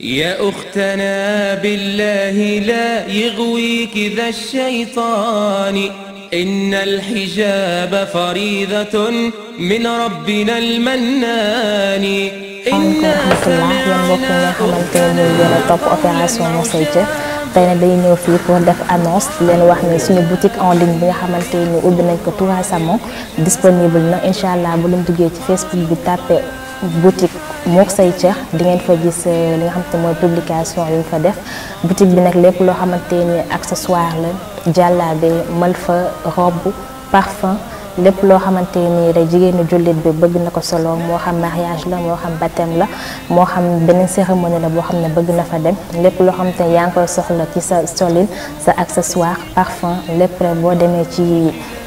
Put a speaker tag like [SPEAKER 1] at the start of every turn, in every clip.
[SPEAKER 1] يا أختنا بالله لا يغويك ذا الشيطان إن الحجاب فريضة من ربنا المنان إنا سمعنا
[SPEAKER 2] أختنا tey nag dañu ñëw fii pour def annonce di leen wax ni suñu boutique en ligne bi nga xamante ni ubbi nañ ko tout récemment disponible na incha allah bu leen duggee ci facebook bi tàppee boutique Mour say Ceex di ngeen fa gis euh, li nga xamante mooy publication yu ñu fa def boutique bi nag lépp loo xamante accessoires accessoire la jàllaabe malfa robe parfum lépp loo xamante nii rek jigéenu jullit bi bëgg na ko solo moo xam mariage la moo xam baptême la moo xam beneen cérémonie la boo xam ne bëgg na fa dem lépp loo xamante ne yaa ngi koy soxla ci sa solin sa accessoire parfum lépp rek boo demee ci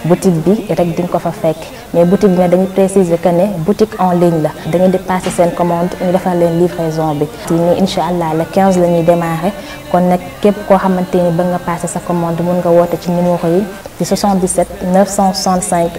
[SPEAKER 2] boutique bi rek di nga ko fa fekk mais boutique bi nag dañuy préciser que ne boutique en ligne la dañu ngeen di passer seen commande ñu defal leen livraison bi ni incha allah le 15 la ñuy démarrer kon nag képp koo xamante ni bëgg nga passer sa commande mun nga woote ci numéro yi ci 77 965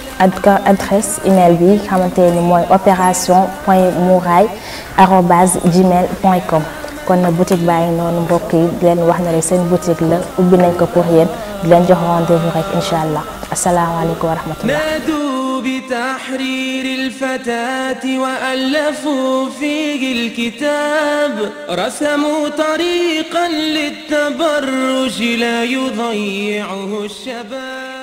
[SPEAKER 2] adresse email bi xamanteni moy ni kon na boutique baa non mbokk yi di len wax na rek sen boutique la ubbi nañ ko pour yéen di len jox rendez-vous rek inshallah assalamu alaykum wa rahmatullah
[SPEAKER 1] بتحرير الفتاة وألفوا فيه الكتاب رسموا طريقا للتبرج لا يضيعه الشباب